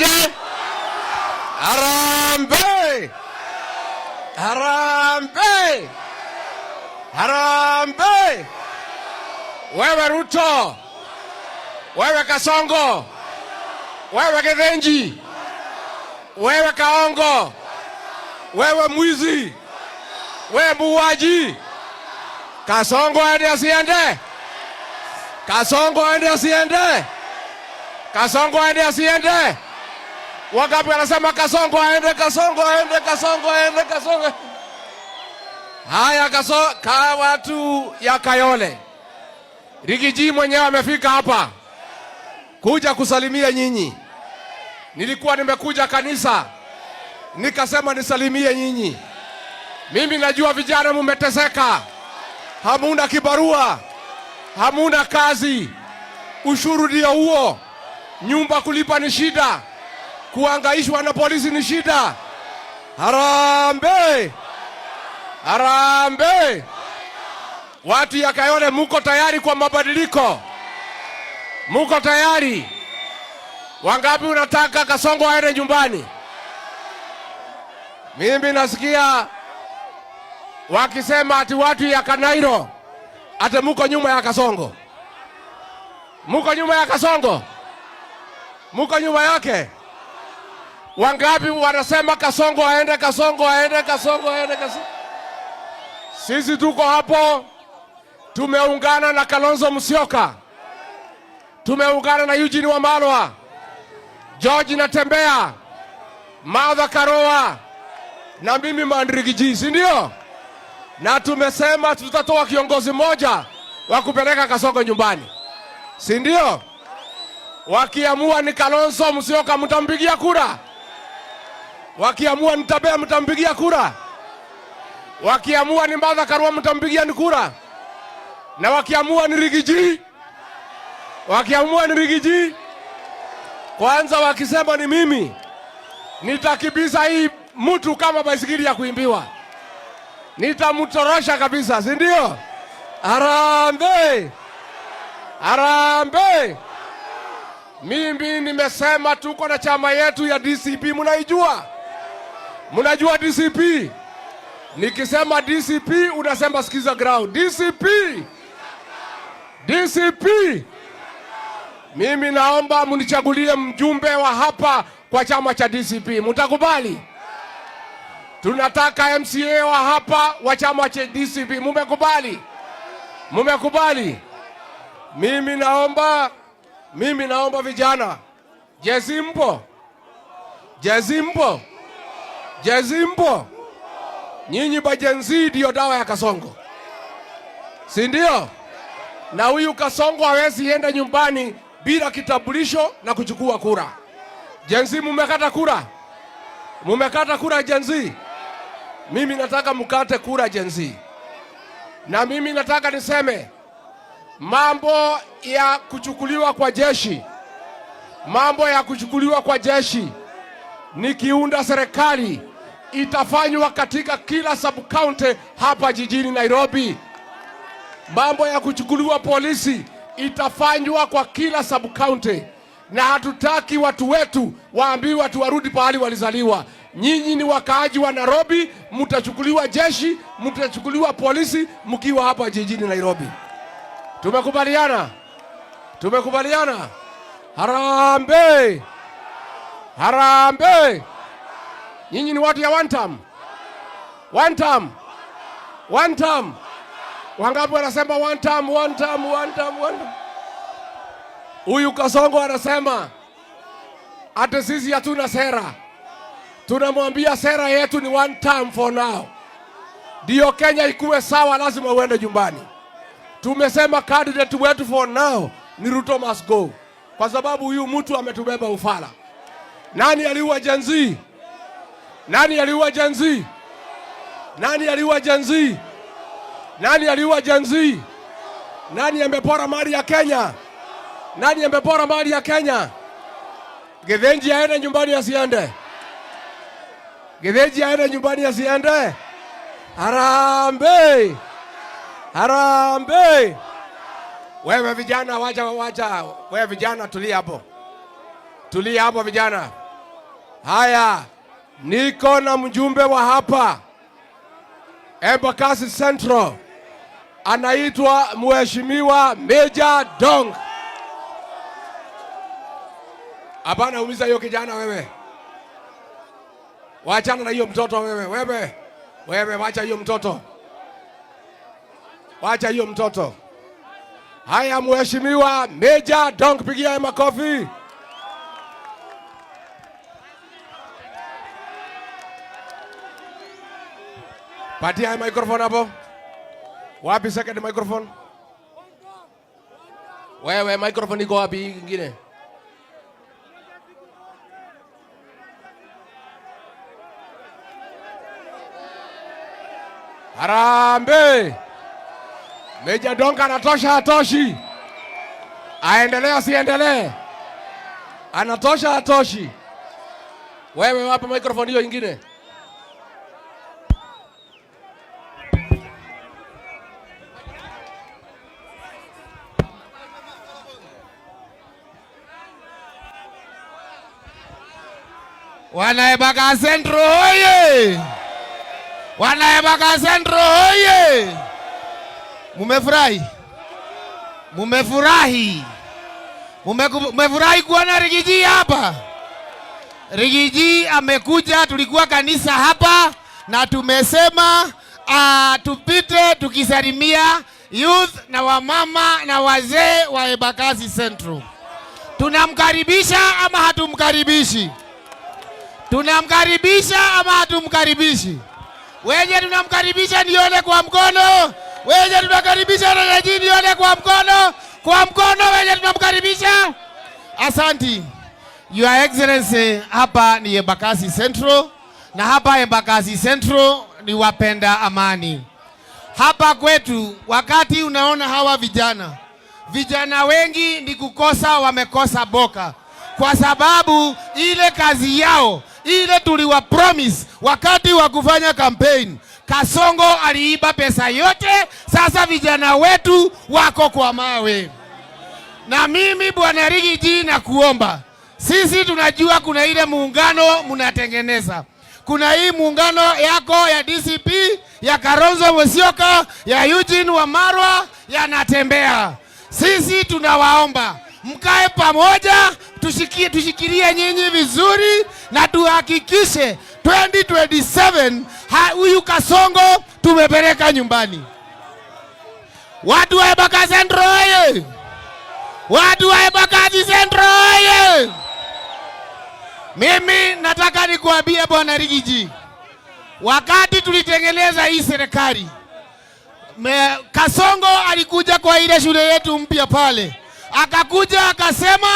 Umoja! Harambee! Harambee! Harambee! Wewe Ruto, wewe Kasongo, wewe Kithenji, wewe Kaongo, wewe mwizi, wewe muuaji. Kasongo aende asiende? Kasongo aende asiende? Kasongo aende asiende? Wangapi wanasema Kasongo aende, Kasongo aende, Kasongo aende, Kasongo? Haya, kaso ka watu ya Kayole, Rigiji mwenyewe amefika hapa kuja kusalimia nyinyi. Nilikuwa nimekuja kanisa nikasema nisalimie nyinyi. Mimi najua vijana mumeteseka, hamuna kibarua, hamuna kazi, ushuru ndio huo, nyumba kulipa ni shida kuangaishwa na polisi ni shida. Harambe, harambe! Watu ya Kayole, muko tayari kwa mabadiliko? Muko tayari? Wangapi unataka Kasongo aende nyumbani? Mimi nasikia wakisema ati watu ya Kanairo ate muko nyuma ya Kasongo, muko nyuma ya Kasongo, muko nyuma yake. Wangapi wanasema Kasongo aende, Kasongo aende, Kasongo aende, Kasongo? Sisi tuko hapo, tumeungana na Kalonzo Musyoka, tumeungana na Eugene Wamalwa, George Natembea, Martha Karua na mimi Mandrigiji, si ndio? Na tumesema tutatoa kiongozi mmoja wa kupeleka Kasongo nyumbani, si ndio? Wakiamua ni Kalonzo Musyoka, mtampigia kura. Wakiamua Nitabea mtampigia kura, wakiamua ni Martha Karua mtampigia ni kura, na wakiamua ni Rigiji, wakiamua ni Rigiji. Kwanza wakisema ni mimi, nitakibiza hii mtu kama baisikili ya kuimbiwa, nitamtorosha kabisa, si ndio? arambe Mimi nimesema tuko na chama yetu ya DCP, munaijua. Mnajua DCP? Nikisema DCP unasema sikiza ground. DCP. DCP. Mimi naomba mnichagulie mjumbe wa hapa kwa chama cha DCP. Mtakubali? Tunataka MCA wa hapa wa chama cha DCP. Mumekubali? Mumekubali? Mimi naomba mimi naomba vijana. Jezi mpo? Jezi mpo? mpo nyinyi bajenzi ndiyo dawa ya Kasongo, si ndio? Na huyu Kasongo hawezi enda nyumbani bila kitambulisho na kuchukua kura. Jenzi, mumekata kura, mumekata kura jenzi. Mimi nataka mukate kura jenzi, na mimi nataka niseme mambo ya kuchukuliwa kwa jeshi, mambo ya kuchukuliwa kwa jeshi nikiunda serikali itafanywa katika kila sub-county hapa jijini Nairobi. Mambo ya kuchukuliwa polisi itafanywa kwa kila sub-county, na hatutaki watu wetu waambiwe watu warudi pahali walizaliwa. Nyinyi ni wakaaji wa Nairobi, mtachukuliwa jeshi, mtachukuliwa polisi mkiwa hapa jijini Nairobi. Tumekubaliana? Tumekubaliana? Harambee! Harambee! Nyinyi ni watu ya one term. One term. One term. Wangapi wanasema one term, one term, one term, one term? Huyu Kasongo anasema hata sisi hatuna sera, tunamwambia sera yetu ni one term for now. Ndiyo Kenya ikuwe sawa, lazima uende nyumbani. Tumesema candidate wetu for now ni Ruto must go, kwa sababu huyu mtu ametubeba ufala. Nani aliua Gen Z? Nani aliua Janzi? Nani aliua Janzi? Nani aliua Janzi? Nani amepora mali ya Kenya? Nani amepora mali ya Kenya? Githinji aende nyumbani asiende? Githinji aende nyumbani asiende? Harambe! Harambe! Wewe vijana, waja waja, Wewe vijana, tulia hapo, tulia hapo vijana. Haya. Niko na mjumbe wa hapa Embakasi Central, anaitwa Mheshimiwa Meja Dong. Hapana, umiza hiyo kijana wewe, wachana na hiyo mtoto wewe, wewe wewe, wacha hiyo mtoto, wacha hiyo mtoto. Haya, Mheshimiwa Meja Dong, pigia makofi. pati Patia microphone hapo. Wapi second microphone? Wewe microphone iko wapi nyingine? Harambe. Meja Donka anatosha atoshi. Aendelee asiendelee? Anatosha atoshi. Wewe wapi microphone hiyo nyingine? Wanaibaka Central hoye! Wanaibaka Central hoye! Mumefurahi, mumefurahi, mumefurahi kuona Rigiji hapa. Rigiji amekuja, tulikuwa kanisa hapa na tumesema uh, tupite tukisalimia youth na wamama na wazee wa Embakasi Central. Tunamkaribisha ama hatumkaribishi? Tunamkaribisha ama hatumkaribishi? Wenye tunamkaribisha nione kwa mkono. Wenye tunakaribisha Ragaji nione kwa mkono. Kwa mkono wenye tunamkaribisha. Asanti. Your Excellency, hapa ni Embakasi Central na hapa Embakasi Central ni wapenda amani. Hapa kwetu wakati unaona hawa vijana vijana wengi ni kukosa, wamekosa boka kwa sababu ile kazi yao ile tuliwa promise wakati wa kufanya campaign. Kasongo aliiba pesa yote, sasa vijana wetu wako kwa mawe. Na mimi bwana Rigiji, nakuomba sisi tunajua kuna ile muungano mnatengeneza, kuna hii muungano yako ya DCP ya karonzo Musyoka ya Eugene marwa yanatembea. Sisi tunawaomba mkae pamoja, tushikie, tushikilie nyinyi vizuri na tuhakikishe 2027 huyu Kasongo tumepeleka nyumbani. Watu wa Embakasi Central oye! Watu wa Embakasi Central oye! Mimi nataka nikuambie Bwana Rigiji, wakati tulitengeneza hii serikali, Kasongo alikuja kwa ile shule yetu mpya pale Akakuja akasema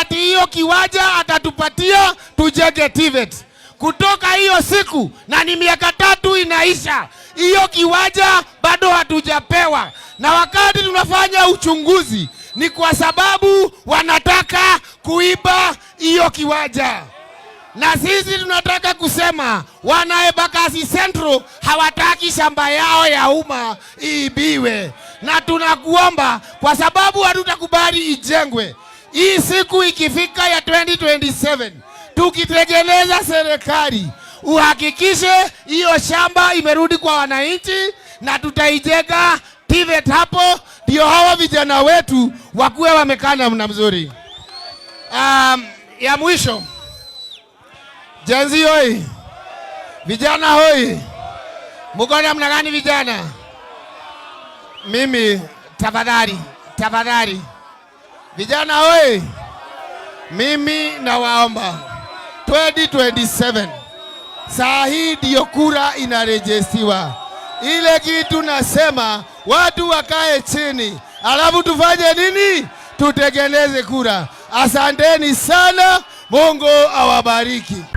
ati hiyo kiwaja atatupatia tujenge TVET. Kutoka hiyo siku na ni miaka tatu inaisha, hiyo kiwaja bado hatujapewa, na wakati tunafanya uchunguzi ni kwa sababu wanataka kuiba hiyo kiwaja na sisi tunataka kusema wana Embakasi Central hawataki shamba yao ya umma iibiwe, na tunakuomba kwa sababu hatutakubali ijengwe. Hii siku ikifika ya 2027 tukitegeleza serikali uhakikishe hiyo shamba imerudi kwa wananchi, na tutaijenga TVET hapo, ndio hawa vijana wetu wakuwe wamekaa namna mzuri. Um, ya mwisho Jenzi hoi, vijana hoi, muko namna gani vijana? Mimi tafadhali, tafadhali vijana hoi, mimi nawaomba 2027 saa hii ndiyo kura inarejesiwa. Ile kitu nasema watu wakae chini, alafu tufanye nini? tutegeneze kura. Asanteni sana, Mungu awabariki.